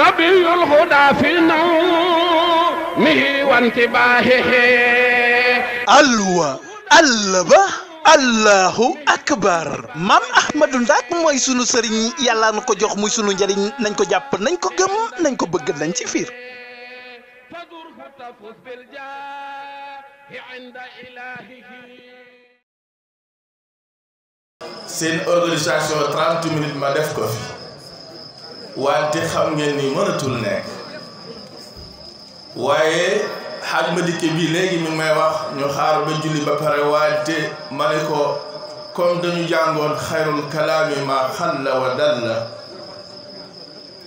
نبي الهدى في نومه وانتباهه الوه الله allahu akbar maam ahmadu ndak mooy sunu sëriñ yàlla na ko jox muy sunu njariñ nañ ko jàpp nañ ko gëm nañ ko bëgg nañ ci fiir wante xam ngeen ni waaye xaaj ma dikke bi léegi mi may wax ñu xaar ba julli ba pare wante ma ne ko comme dañu jàngoon xayrul kalaami ma xalla wa dalla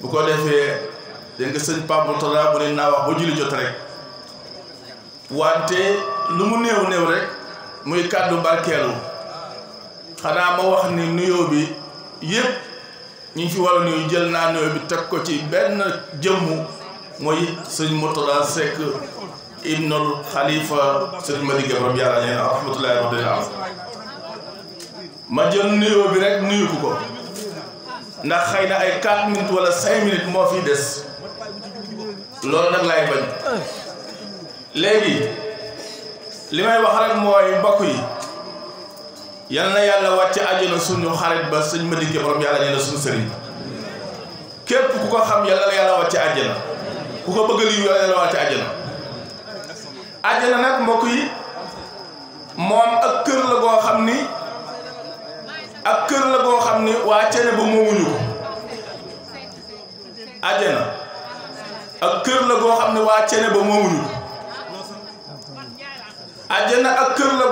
bu ko defee dégg nga sëñ Pape Moutalla bu ne naa wax ba julli jot rek wante lu mu new néew rek muy kàddu barkeelu xanaa ma wax ni nuyoo bi yépp ñu fi war nuyu jël naa nuyu bi teg ko ci benn jëmmu mooy sëñ Murtada Seck ibnul Khalifa sëñ Madi Gabram yàlla nee na rahmatullahi rabbil alamin ma jël nuyoo bi rek nuyu ko ndax xëy na ay 4 minutes wala 5 minutes moo fi des loolu nag lay bañ léegi li may wax rek mooy mbokk yi. yal na yàlla wàcce àjjana suñu xarit ba sëñ ma dikkee borom yàlla nee na suñu sëriñ képp ku ko xam yal na la yàlla wàcce àjjana ku ko bëgg lii yal na la wàcce àjjana àjjana nag mbokk yi moom ak kër la goo xam ni ak kër la goo xam ni waa ceene ba moomuñu ko àjjana ak kër la goo xam ni waa ceene ak kër la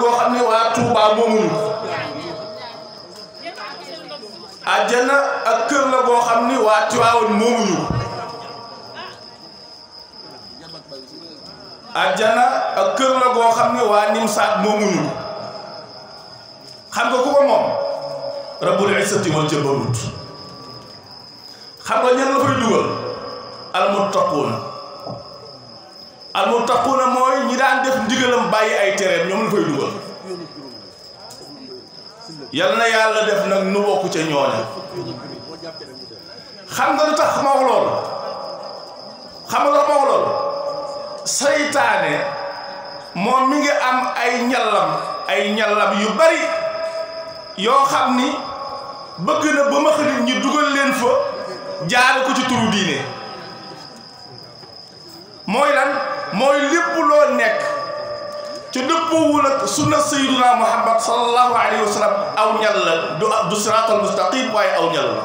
goo xam ni waa Tuubaa moomuñu ko àjjana ak kër la boo xam ni waa Tiwaawan moomuñu ko àjjana ak kër la goo xam ni waa Nimsaat moomu ko xam nga ku ko moom rabbul izzati wal jabarut xam nga ñan la koy dugal almuttaquuna almuttaquuna mooy ñi daan def ndigalam bàyyi ay tereem ñoom la koy dugal yal na yàlla def nag nu bokku ca ñooña xam nga lu tax ma xam nga lu tax ma wax loolu saytaane moom mi ngi am ay ñallam ay ñallam yu bari yoo xam ni bëgg na ba ma xarit ñi dugal leen fa jaare ko ci turu diine mooy lan mooy lépp loo nekk te dëppoowul ak sunna sayyiduna muhammad sallallahu alayhi wa sallam aw ñal la du du siraatal mustaqim waaye aw ñal la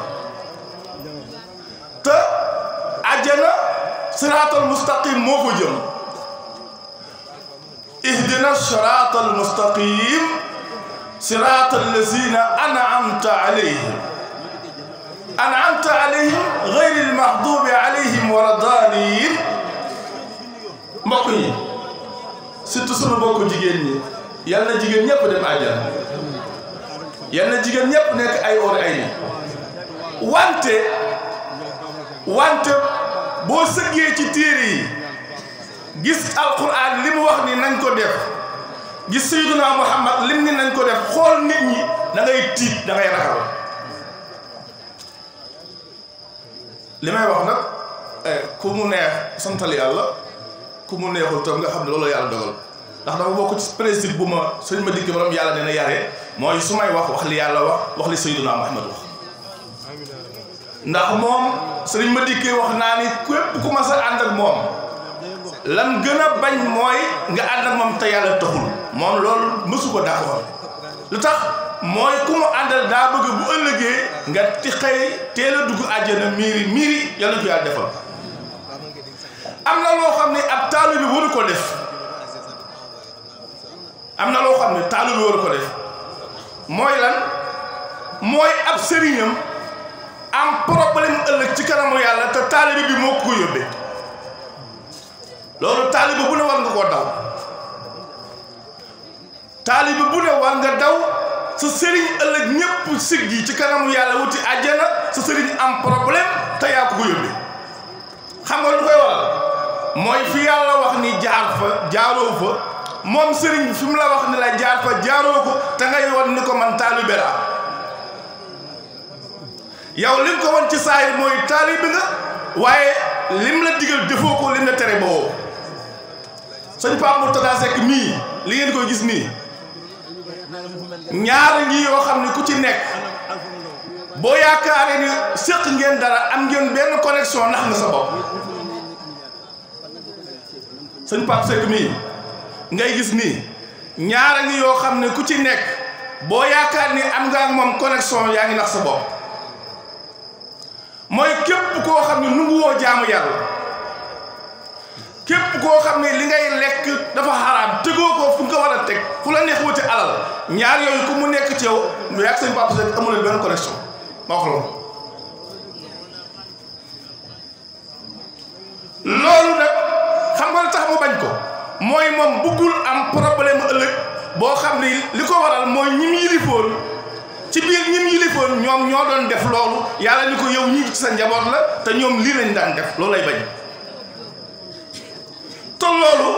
te àjjana siraatal mustaqim moo ko jëm ihdina siraatal mustaqim siraatal lazina an'amta alayhim an'amta alayhim ghayril maghdubi alayhim wa la daalin mbokk yi surtout sunu bokk jigéen ñi yal na jigéen ñëpp dem àjjana yal na jigéen ñëpp nekk ay or ay ni wante wante boo sëggee ci téere yi gis alquran li mu wax ni nañ ko def gis sayyiduna muhammad lim ni nañ ko def xool nit ñi da ngay tiit da ngay wax nag eh, ku mu neex santal yàlla ku mu neexul toog nga xam ne loolu yàlla dogal ndax dafa bokk ci principe bu ma sëñ ma dikk borom yàlla na yaree mooy su may wax wax li yàlla wax wax li sayyiduna Muhammad wax ndax moom sëriñ ma dikkee wax naa ni képp ku ma sa ànd ak moom lan gën a bañ mooy nga ànd ak te yàlla taxul moom lool mësu ko d'accord lu tax mooy ku mu àndal daa bëgg bu ëllëgee nga ti teela teel a dugg àjjana miiri miiri yàlla ko defal am na loo xam ne ab taalibe waru ko def na loo xam ne taalibe waru ko mooy lan mooy ab sëriñam am problème ëllëg ci kanamu yàlla te taalibe bi moo ko yóbbee loolu taalibe bu ne war nga koo daw taalibe bu ne war nga daw sa sëriñ ëllëg ñépp siggi ci kanamu yàlla wuti àjjana sa sëriñ am problème mooy fi yàlla wax ni jaar fa jaaroo fa moom sëriñ fi mu la wax ni la jaar fa jaaroo ko te ngay won ni ko man taalibe la yow li ko won ci saayir mooy taalibe nga waaye lim la digal defoo ko lim la tere boo sëñ Pape Mourtada Seck li ngeen koy gis nii ñaar ngi yoo xam ne ku ci nekk boo yaakaaree ni séq ngeen dara am ngeen benn connexion nax nga sa bopp sëñ Pape Seck mii ngay gis nii ñaara ngi yoo xam ne ku ci nekk boo yaakaar ni am nga ak moom connexion yaa ngi nax sa bopp mooy képp koo xam ne nunguwoo jaamu yàlla képp koo xam ne li ngay lekk dafa xaraam tegoo ko fu nga war a teg fu la neex wuti alal ñaar yooyu ku mu nekk ci yow yaa ak sëñ Pape Seck amul benn connexion ma wax xam nga lu tax mu bañ ko mooy moom buggul am problème ëllëg boo xam ni li ko waral mooy ñi mu yilifoon ci biir ñi mu yilifoon ñoom ñoo doon def loolu yàlla ni ko yow ñii ci sa njaboot la te ñoom lii lañ daan def loolu lay bañ te loolu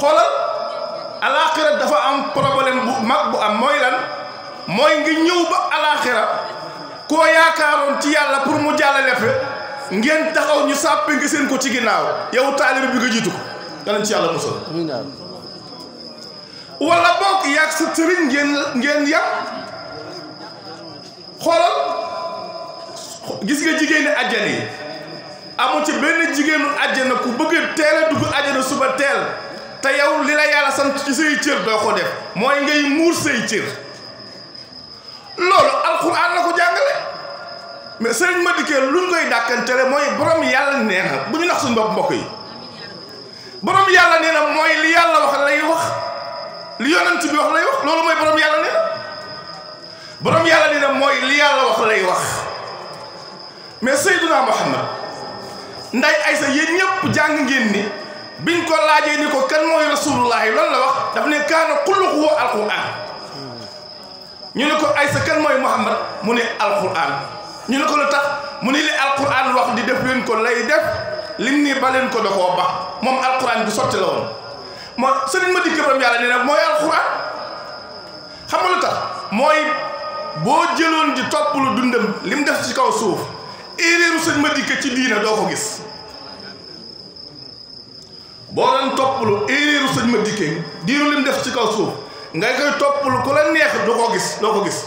xoolal alaaxira dafa am problème bu mag bu am mooy lan mooy nga ñëw ba alaaxira koo yaakaaroon ci yàlla pour mu jàllale fe ngeen taxaw ñu sàppe nga seen ko ci ginnaaw yow taalibe bi nga jiitu ko yàlla ci yàlla musal wala bokk yàgg sa sëriñ ngeen ngeen yàq xoolal gis nga jigéeni àjjana yi amu ci benn jigéenu àjjana ku bëgg teel a dugg àjjana suba teel te yow li la yàlla sant ci say cër doo ko def mooy ngay muur say cër loolu alxuraan la ko jàng mais sëriñ Madické lu ñu koy dàkkantele mooy borom yàlla nee na bu ñu nax suñu bopp mbokk yi borom yàlla nee na mooy li yàlla wax lay wax li yonent bi wax lay wax loolu mooy borom yàlla nee na borom yàlla nee na mooy li yàlla wax lay wax mais Seydina Muhammad nday Aysa yéen ñëpp jàng ngeen ni biñ ko laajee ni ko kan mooy rasulullahi loolu la wax daf ne kaana xulluxu alquran ñu ne ko Aysa kan mooy Muhammad mu ne alquran ñu ne ko lu tax mu ni li alquran wax di def leen ko lay def lim nii ba leen ko da koo ba moom alquran bi sotti la woon moo sëriñ ma dikk ram yàlla nee na mooy alquran xam nga tax mooy boo jëloon di topp lu dundam lim def ci kaw suuf erreeru sëriñ ma dikk ci diina doo ko gis boo doon topplu erreeru sëriñ ma dikke diiru lim def ci kaw suuf nga koy topplu ku la neex doo ko gis doo ko gis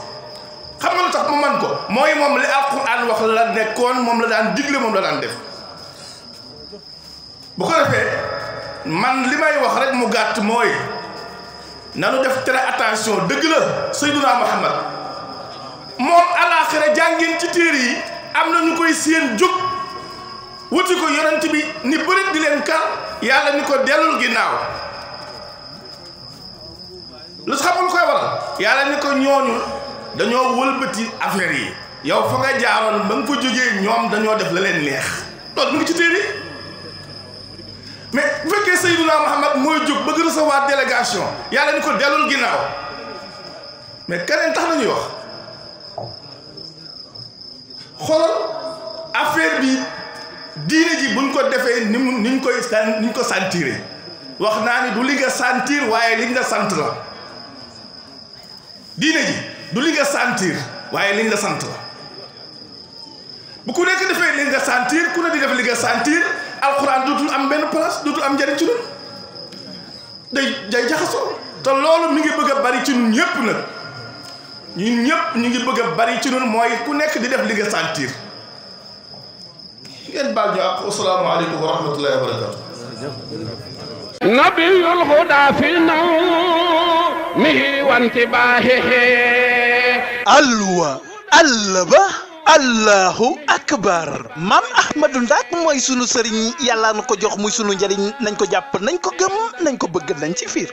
xam nga lu tax mu man ko mooy moom li alquran wax la nekkoon moom la daan digle moom la daan def bu ko defee man li may wax rek mu gàtt mooy na nanu def très attention dëgg la Seydina Muhammad moom alaaxira jàngeen ci téere yi am na ñu koy séen jóg wuti ko yonent bi ni bërit di leen kar yàlla ni ko dellul ginnaaw lu xamul koy waral yàlla ni ko ñooñu dañoo wëlbati affaire yi yow fa nga jaaroon ba nga ko jógee ñoom dañoo def la leen neex loolu mu ngi ci téere mais bu fekkee Seydina Muhammad mooy jóg bëgg recevoir délégation yàlla ni ko dellul ginnaaw mais keneen tax nañuy wax xoolal affaire bi diine ji buñ ko defee ni mu niñ koy niñ ko sentiré wax naa ni du li nga waaye li sant la diine ji du li nga sentir waaye li la sant la bu ku nekk defee li nga sentir ku ne di def li nga sentir alxuraan dootul am benn place dootul am njariñ ci ñun day day jaxasoo te loolu mi ngi bëgg a bari ci ñun ñëpp nag ñun ñu ngi bëgg bari ci ñun mooy ku nekk di def li nga sentir ngeen baal ñu fi naw mihi wanti baahihi alluwa allah ba allahu akbar maam ahmadou ndak mooy sunu sëriñ yàlla na ko jox muy sunu njariñ nañ ko jàpp nañ ko gëm nañ ko bëgg nañ ci fiir